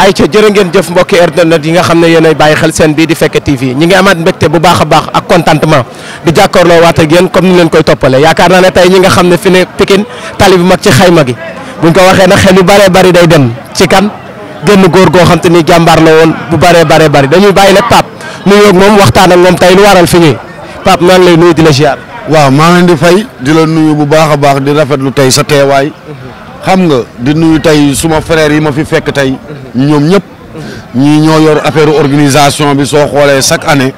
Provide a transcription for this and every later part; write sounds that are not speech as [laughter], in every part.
ay ca jërë ngeen jëf mbokki internet yi nga xam ne yéen ay bàyyi xel seen bii di fekk TV ñi ngi amaat mbégte bu baax a baax ak contentement di jàkkaarloo waat ak yéen comme ni leen koy toppale yaakaar naa ne tey ñi nga xam ne fi ne Pikine tali bu mag ci xayma gi buñ ko waxee nag xel yu bëree day dem ci kan génn góor goo xam ni jàmbaar la woon bu bëree bëree bëri dañuy bàyyi nag Pape nuyoo moom waxtaan ak moom tey lu waral fi ñuy Pape maa ngi lay nuyu di la ziar. waaw maa leen di fay di la nuyu bu baax a baax di rafet lu tey sa teewaay mhm. xam nga di nuyu tey suma frère yi ma fi fekk tey mhm. ñoom ñëpp ñii ñoo yor affaire organisation bi soo xoolee chaque année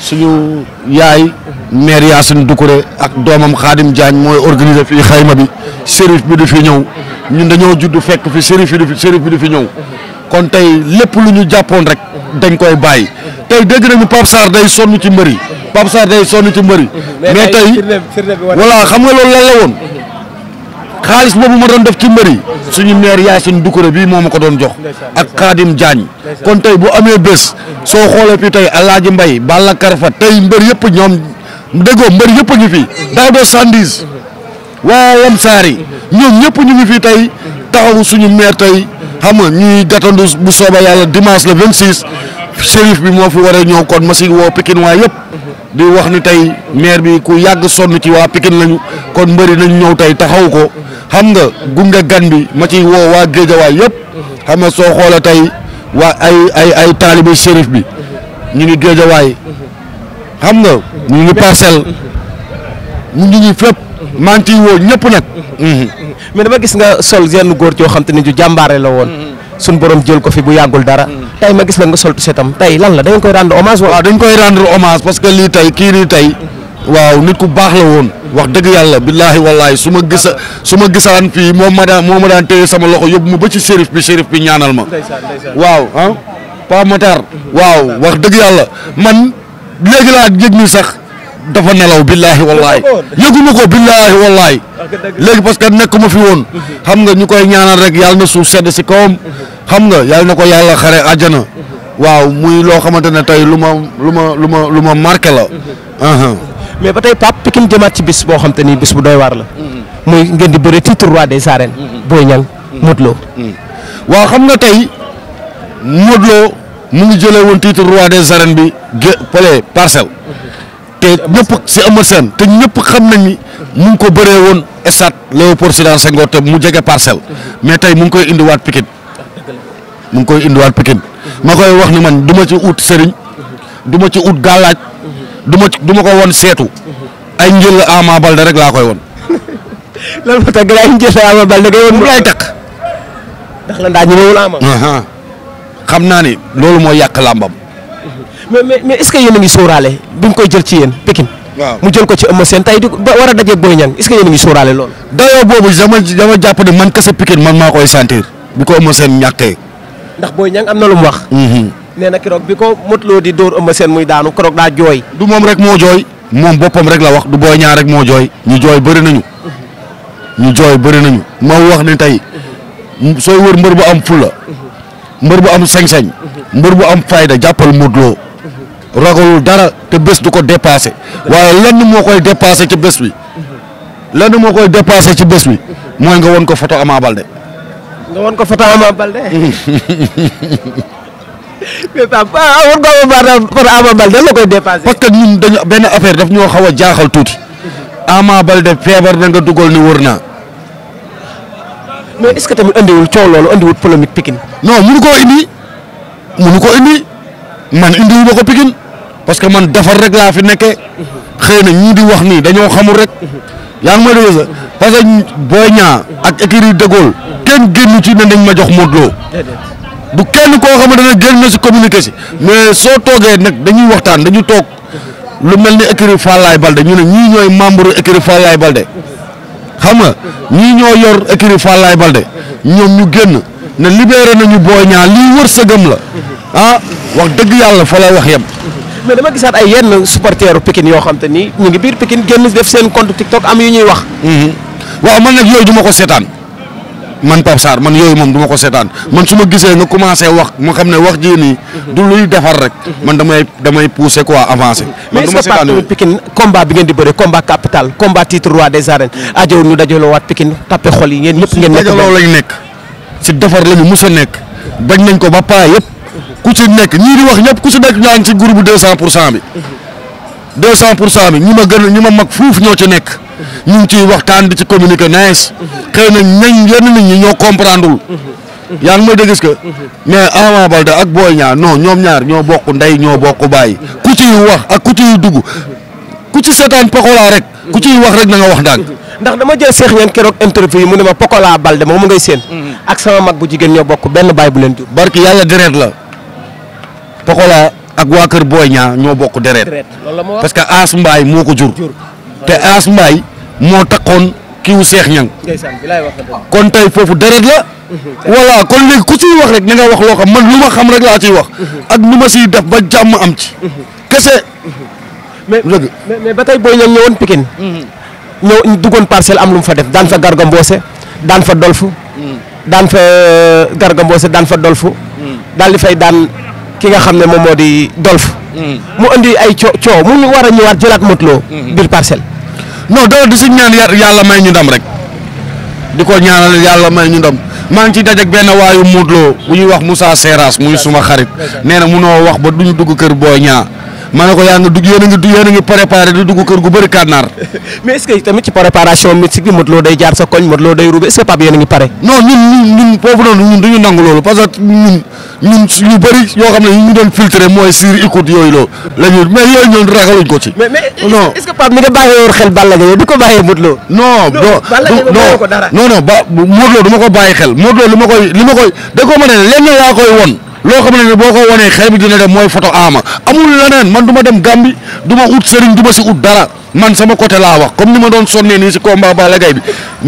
suñu yaay maire Yacine Doucouré ak doomam Khadim Diagne mooy organiser fii xayma bi sérif bi du fi ñëw ñun dañoo judd fekk fi sérif bi du fi sérif bi du fi ñëw kon tey lépp lu ñu jàppoon rek dañ koy bàyyi tey dégg nañu Pape Sarr day sonn ci mbëri Pape Sarr day sonn ci mbëri mais tey voilà xam nga loolu lan la woon xaalis boobu ma doon def ci mbër yi suñu maire Yacine Doucouré bii moo ma ko doon jox ak Khadim Diagne kon tey bu amee bés soo xoolee fii tey laaj Mbay Balla Karfa tey mbër yëpp ñoom déggoo mbër yëpp a ngi fi Daouda Sandis waa Lamsaari ñëpp ñu ngi fi tey taxaw suñu maire tey xam nga ñuy gàttandu bu sooba yàlla dimanche le 26 shérif bi moo fi war a ñëw kon ma si woo Pikine waa yëpp di wax ni tey maire bi ku yàgg sonn ci waa pikin lañu kon mbëri nañ ñëw tey taxaw ko. xam nga gunge gan bi ma ci woo waa géejawaay yëpp xam nga soo xoolee tey waa ay ay ay taalibe shérif bi ñu ngi géejawaay xam nga ñu ngi parcelle ñu ngi fépp maa ngi ciy woo ñëpp nag. mais dama gis nga sol yenn góor yoo xam te ne ju jàmbaare la woon. suñ borom jël ko fi bu yàggul dara. tey ma gis la nga sol setam tey lan la dañ koy rendre hommage. waaw dañ koy rendre hommage parce que lii tey kii lii tey. waaw nit ku baax la woon wax dëgg yàlla billaahi wallaahi su ma gisa su ma gisaan fii moom ma daan moo ma daan téye sama loxo yóbbu ma ba ci shérif bi shérif bi ñaanal ma waaw ah Pa waaw wax dëgg yàlla man léegi laa yëg ni sax dafa nelaw billaahi wallaahi yëguma ko billaahi wallaahi léegi parce que ma fi woon xam nga ñu koy ñaanal rek yàlla na suuf sedd si kawam xam nga yàlla na ko yàlla xare àjjana waaw muy loo xamante ne tey lu ma lu ma lu ma lu ma marqué la mais ba tey Pape Pikine jëmaat ci bis boo xam te ni bis bu doy waar la. muy ngeen di bëre titre roi des arènes. Boy Niang Modou Lo. xam nga tey Modou Lo mu ngi jëlee woon titre roi des arènes bi gé parcelle. te ñëpp si Eumeu Sène te ñëpp xam nañ ni mu ngi ko bëree woon stade Léopold Sédar Senghor te mu jege parcelle. mais tey mu ngi koy indiwaat Pikine. mu ngi koy indiwaat Pikine. ma koy wax ni man du ci ut sëriñ. du ci ut gàllaaj. du ma du ma ko woon seetu ay njël Ama Baldé rek laa koy woon. lan [laughs] moo tax gën ay njël Ama Baldé koy xam naa ni loolu moo yàq làmbam. mais mais est-ce que yéen ngi sóoraale bi ñu koy jël ci yéen Pikine. waaw mu jël ko ci Eumeu Sène tey di war a daje Boy Niang est-ce que yéen a ngi sóoraale loolu. dayoo boobu dama dama jàpp ne man kese Pikine man maa koy sentir bu ko Eumeu Sène ñàkkee. ndax Boy Niang am na lu mu wax. Mhm. nee na keroog bi ko motloo di dóor ëmb seen muy daanu keroog daa jooy. du moom rek moo jooy. moom boppam rek la wax du booy ñaar rek moo jooy. ñu jooy bëri nañu. ñu jooy bëri nañu. ma wax ni tey sooy wër mbër bu am fulla mbër bu am sañ-sañ. mbër bu am fayda jàppal Modou Lo ragalul dara te bés du ko dépassé. waaye lenn moo koy dépassé ci bés bi. lenn moo koy dépassé ci bés bi. mooy nga won ko photo Ama Baldé. [laughs] mais Pape ah war nga Balde la koy dépassé. parce que ñun dañu benn affaire daf ñoo xaw a jaaxal tuuti. Ama Balde feebar na nga ni wër naa. mais est-ce que tamit andiwul coow loolu andiwul polémique Pikine. non munu koo indi munu ko indi man indiwu ma ko Pikine parce que man defar rek laa fi nekkee xëy na ñii di wax nii dañoo xamul rek yaa ngi may dégg sax parce que Boy Niang ak écurie de kenn génnu ci ne dañ ma jox Modou Lo bu kenn koo xamante ne génn na si communiqué mais soo toogee nag dañuy waxtaan dañu toog lu mel ni écurie Fallaye Balde ñu ne ñii ñooy membre écurie Fallaye Balde xam nga ñii ñoo yor écurie Fallaye Balde ñoom ñu génn ne libéré nañu Boy Niang lii wërsëgam la ah wax dëgg yàlla fa la wax yem. mais dama gisaat ay yenn supporteru Pikine yoo xam te ni ñu ngi biir Pikine génn def seen compte TikTok am yu ñuy wax. Mhm. waaw man nag yooyu du ma ko seetaan. man Pape Sarr man yooyu moom du ma ko seetaan man su ma gisee nga commencé wax moo xam ne wax jii nii. du luy defar rek. man damay damay pousser quoi avancé. man du ma seetaan mais est-ce que Pikine combat bi ngeen di bëre combat capital combat titre roi des arènes ajow ñu dajaloo waat Pikine tappe yi ngeen ñëpp ngeen. nekk dajaloo lañ nekk si defar la ñu nekk. bañ nañ ko ba paa yëpp ku ci nekk ñii di wax ñëpp ku ci nekk ñaa ngi ci groupe deux cent pour cent bi. deux cent pour cent mi ñi ma gën ñi ma mag fuuf ñoo ci nekk ñu ngi ciy waxtaan di ci communiquer nice xëy na ñañ yenn nit ñi ñoo comprendrewul yaa ngi ma dégg que mais Ama Baldé ak Boy ñaa non ñoom ñaar ñoo bokk ndey ñoo bokk bàyyi ku ciy wax ak ku ciy dugg ku ci seetaan Pokola rek ku ciy wax rek na wax ndànk ndax dama jël Cheikh Yéen keroog interview yi mu ne ma Pokola Baldé moom mu ngay seen ak sama mag bu jigéen ñoo bokk benn baay bu leen jur barki yàlla deret la ak waa kër Boy Niang ñoo bokk deret parce que Aas Mbaay moo ko jur te Aas Mbaay moo takkoon kiiwu Seex Ñang kon tey foofu deret la [laughs] voilà kon léegi ku ciy wax rek na nga wax loo xam man lu ma xam rek laa ciy wax [laughs] ak nu ma siy def ba jàmm am ci [laughs] kese mais mais ba tey booy Niang ñëwoon Pikine ñëw duggoon parcelle am lu mu fa def daan fa Garga Mbossé daan fa Dolfu daan fa euh, Garga Mbossé daan fa Dolfu daal di fay daan ki nga xam ne moom moo di Dolf. Mm. mu indi ay coo coow mu war a ñëwaat jëlaat Modou Lo. Mm-hmm. biir parcelle. non doo di suñ ñaan yàlla may ñu dam rek di ko ñaanal yàlla may ñu ndam maa ngi ci daje ak benn waayu Modou Lo bu ñuy wax Moussa Seras muy suma xarit nee na munoo wax ba ñu dugg kër boo ñaa ma ne ko yaa ngi dugg yéen a ngi yéen a ngi préparé di dugg kër gu bëri kànnaar. mais est ce que tamit ci préparation mystique bi pare. non ñun xam ne ñu doon filtré mooy siir écoute yooyu ko ci. mais mais est xel Balla Gaye di ko bàyyee Modou Lo. ko dara non non ba Modou Lo du ma ko bàyyi xel Modou Lo li koy li ma koy ko ma ne lenn laa koy won loo xam ne boo ko wanee xel bi dina dem mooy photo Ama amul leneen man duma ma dem Gàmbi du ma ut sëriñ du ma si ut dara man sama côté laa wax comme ni ma doon sonnee nii si combat Balla Gaye bi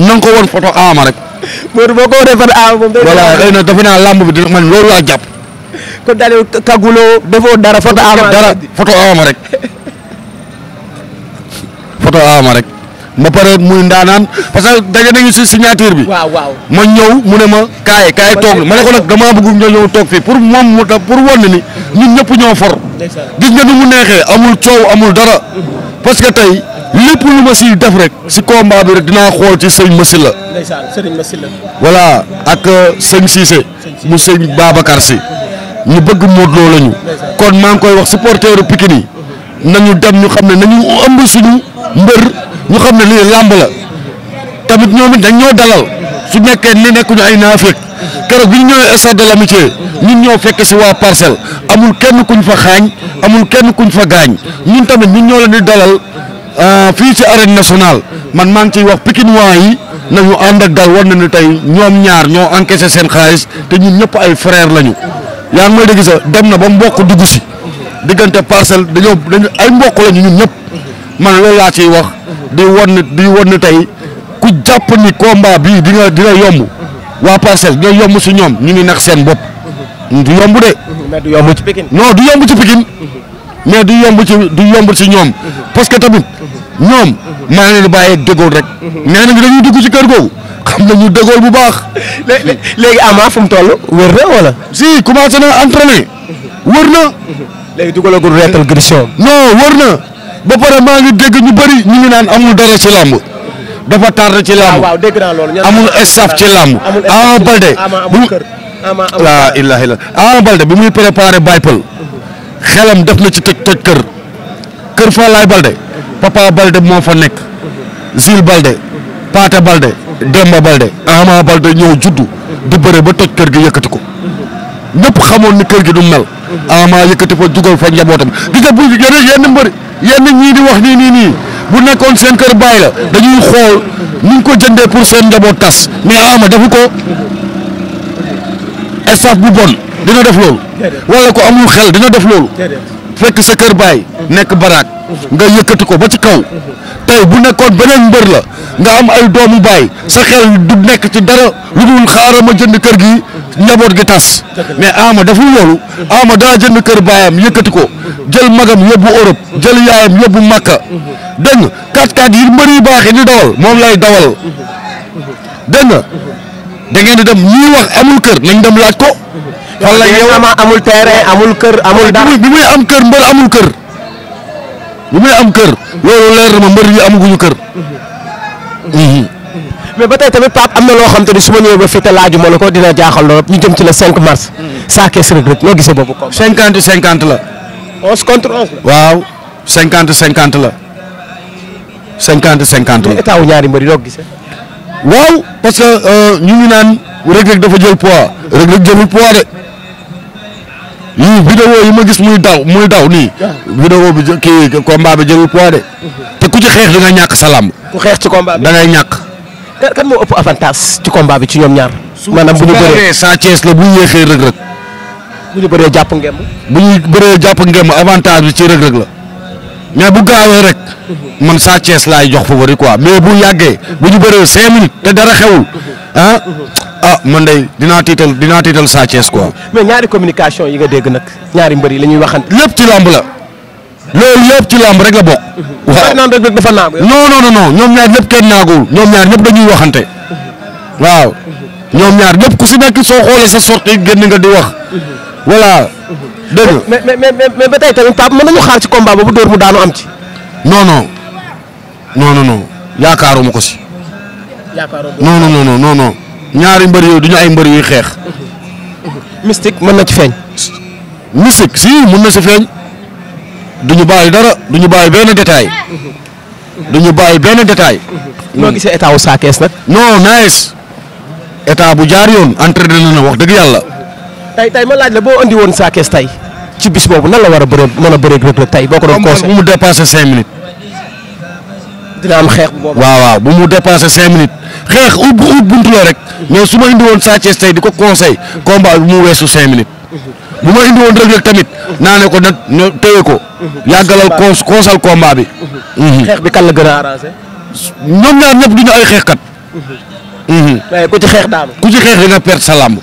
na nga won photo Ama rek. Modou boo ko wanee photo Ama moom. voilà xëy na defe naa làmb bi dina man loolu laa jàpp. kon daal kaguloo dara photo Ama dara photo Ama rek photo Ama rek. [laughs] ma pare muy ndaanaan parce que daje nañu si signature bi. waaw waaw ma ñëw mu ne ma kaay kaay toog ma ne ko nag damaa bëgg nga ñëw toog fii pour moom mu pour wan ni ñun ñëpp ñoo for. gis nga ni mu neexee amul coow amul dara. parce que tey lépp lu ma siy def rek si combat bi rek dinaa xool ci sëñ Masila. ndeysaan sëriñ Masila. voilà ak euh, sëñ Cissé. mu sëñ Babacar si. ñu bëgg Modou Lo lañu. kon maa ngi koy wax supporteru Pikine yi. nañu dem ñu xam ne nañu ëmb suñu mbër. ñu xam ne lii làmb la tamit ñoom dañ ñoo dalal su nekkee ni nekkuñu ay naafeq keroog bi ñu ñëwee stade de l'amitié ñun ñoo fekk si waa parcelle amul kenn kuñ fa xaañ amul kenn kuñ fa gaañ ñun tamit ñun ñoo leen di dalal euh, fii si arène nationale man maa ngi ciy wax Pikine waa yi nañu ànd ak dal war na ni tey ñoom ñaar ñoo encaissé seen xaalis te ñun ñëpp ay frère lañu yaa ngi may dégg sax dem na ba mbokk dugg si diggante parcelle dañoo dañu ay mbokk lañu ñun ñëpp man loolu ciy wax. di won ni di won ni tey ku jàpp ni combat bii dina dina yomb waa parcelle dina yomb si ñoom ñu ngi nax seen bopp du yomb de. mais du yomb ci Pikine. non du yomb ci Pikine mais du yomb ci du ñoom parce que tamit ñoom maa ngi leen di bàyyi déggoon rek. nee nañu dañuy dugg ci kër googu xam na nañu déggoon bu baax. léegi Ama fu mu toll wër na wala. si commencé na entraîné wër na. léegi la dugalagul réttal non wër na. ba pare maa ngi dégg ñu bëri ñu ngi naan amul dara ci làmb dafa tardé ah, ci làmb amul staff ci làmb Ama Baldé bu laa ilaaha illa Ama Baldé bi muy préparé Baipal xelam def na ci toj toj kër kër Falaay Baldé Papa Baldé moo fa nekk Zil Baldé Paate Baldé Demba Baldé Ama Baldé ñëw juddu di bëre ba toj kër gi yëkkati ko ñëpp xamoon ni kër gi du mel ama yëkkati fa jugal fa njabootam gis nga bu yenn yenn mbër yenn ñii di wax nii nii nii bu nekkoon seen kër bàyyi la dañuy xool ni ko jëndee pour seen njaboot tas mais ama defu ko staff bu bon dina def lool wala ko amul xel dina def loolu fekk sa kër baay nekk baraak nga yëkkati ko ba ci kaw tey bu nekkoon beneen mbër la nga am ay doomu baay sa xel du nekk ci dara lu dul xaaral ma jënd kër gi njaboot gi tas mais Ama deful loolu Ama daa jënd kër baayam yëkkati ko jël magam yóbbu Europe jël yaayam yóbbu Makka dégg nga kat kat yi mbër yu baax yi di dawal moom lay dawal dégg nga da ngeen di dem ñuy wax amul kër nañ dem laaj ko. wala yow ama amul terrain amul kër amul bi muy am kër mbër amul kër bi muy am kër loolu leer na ma mbër yi amaguñu kër. Mhm. mais ba tey tamit Pape am na loo xam te ni su ma ñëwee ba fii te laaju ko dina jaaxal lool ñu jëm ci la 5 mars. Sa Thiès Reug Reug noo gisee boobu ko 50 50 la. contre waaw 50 50 la. 50 50 la. ñaari mbër yi noo gisee. waaw parce que euh, ñu ngi naan Reug Reug dafa jël poids. Reug Reug jëlul poids de. yii vidéo yi ma gis muy daw muy daw nii. Ah. vidéo bi kii combat bi jëlul poids de. te ku ci xeex da nga ñàkk sa làmb. ku xeex ci combat da ngay ñàkk. kan moo ëpp avantage ci combat bi ci ñoom ñaar. maanaam bu ñu bëree Sa la bu ñu yéexee Reug Reug. bu ñu bëree jàpp ngemb. bu ñu bëree jàpp ngemb avantage bi ci Reug Reug la mais bu gaawee rek man Sa Thiès laay jox favori quoi mais bu yàggee bu ñu bëree cinq minutes te dara xew ah ah man dey dinaa tiital dinaa tiital Sa mais ñaari communication yi nga dégg nag ñaari mbër yi la ñuy waxante. lépp ci lamb la. loolu yëpp ci làmb rek la bokk. waaw naan rek dafa naag. non non non ñoom ñaar ñëpp kenn naagul ñoom ñaar ñëpp dañuy waxante waaw ñoom ñaar ñëpp ku si nekk soo xoolee sa sortie génn nga di wax voilà. dégg nga mais mais mais ba tey tamit Pape mën nañu xaar ci combat boobu dóor mu daanu am ci. non non non non non yaakaaruma ko si. yaakaaruma ko si non non non non non ñaari mbër yooyu du ñu ay mbër yuy xeex. mystique mën na ci feeñ. mystique si mën na si feeñ. du ñu bàyyi dara du ñu bàyyi benn détail du ñu bàyyi benn détail. noo gisee état wu Sa nag. non nice état bu jaar yoon entraîné na wax dëgg yàlla. tey tey ma laaj la boo andi woon Sa tey ci bis boobu nan la war a bëree mën a bëree rek tey boo ko doon conseillé. bu mu dépassé cinq minutes. dina xeex boobu. waaw bu mu dépassé cinq minutes xeex ut bu buntu la rek mais su ma indi woon Sa di ko conseil combat bi mu weesu cinq minutes. bu ma indi woon Reug Reug tamit naa ne ko nag ne téye ko. yàggalal cons consal combat bi. Mm-hmm. xeex bi kan la gën a ñëpp duñu ay xeexkat. waaye mm-hmm. mm-hmm. ku ci xeex daanu. ku ci xeex da perte sa làmb.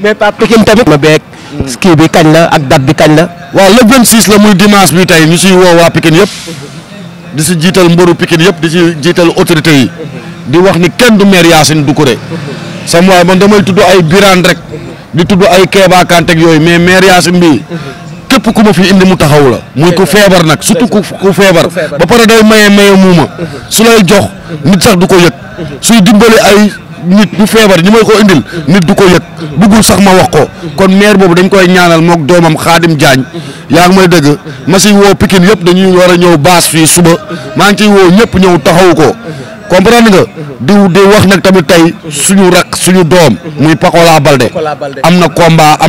mais Pape tamit. ma beeg ski bi kañ la ak date bi kañ la. waaw le 26 la muy dimanche bi tey ñu siy woo waa Pikine yëpp. di si jiital mboru Pikine yëpp di si jiital autorité yi. di wax ni kenn du du ko Doucouré. sama waay man damay tudd ay biraan rek. di tudd ay Kéba Kanté ak yooyu mais maire si Mbi képp ku ma fi indi mu taxaw la muy ku feebar nag surtout ku feebar ba pare day maye maye muuma su lay jox nit sax du ko yëg suy dimbali ay nit bu feebar ñu may ko indil nit du ko yëg bëggul sax ma wax ko kon maire boobu dañ koy ñaanal moog doomam Xaadim Diagne yaa ngi may dëgg ma woo Pikine yëpp dañuy war a ñëw baas fii suba maa ngi ciy woo ñëpp ñëw taxawu ko comprendre nga. di di wax nag tamit tey suñu rak suñu doom. muy Pakola Balde. am na combat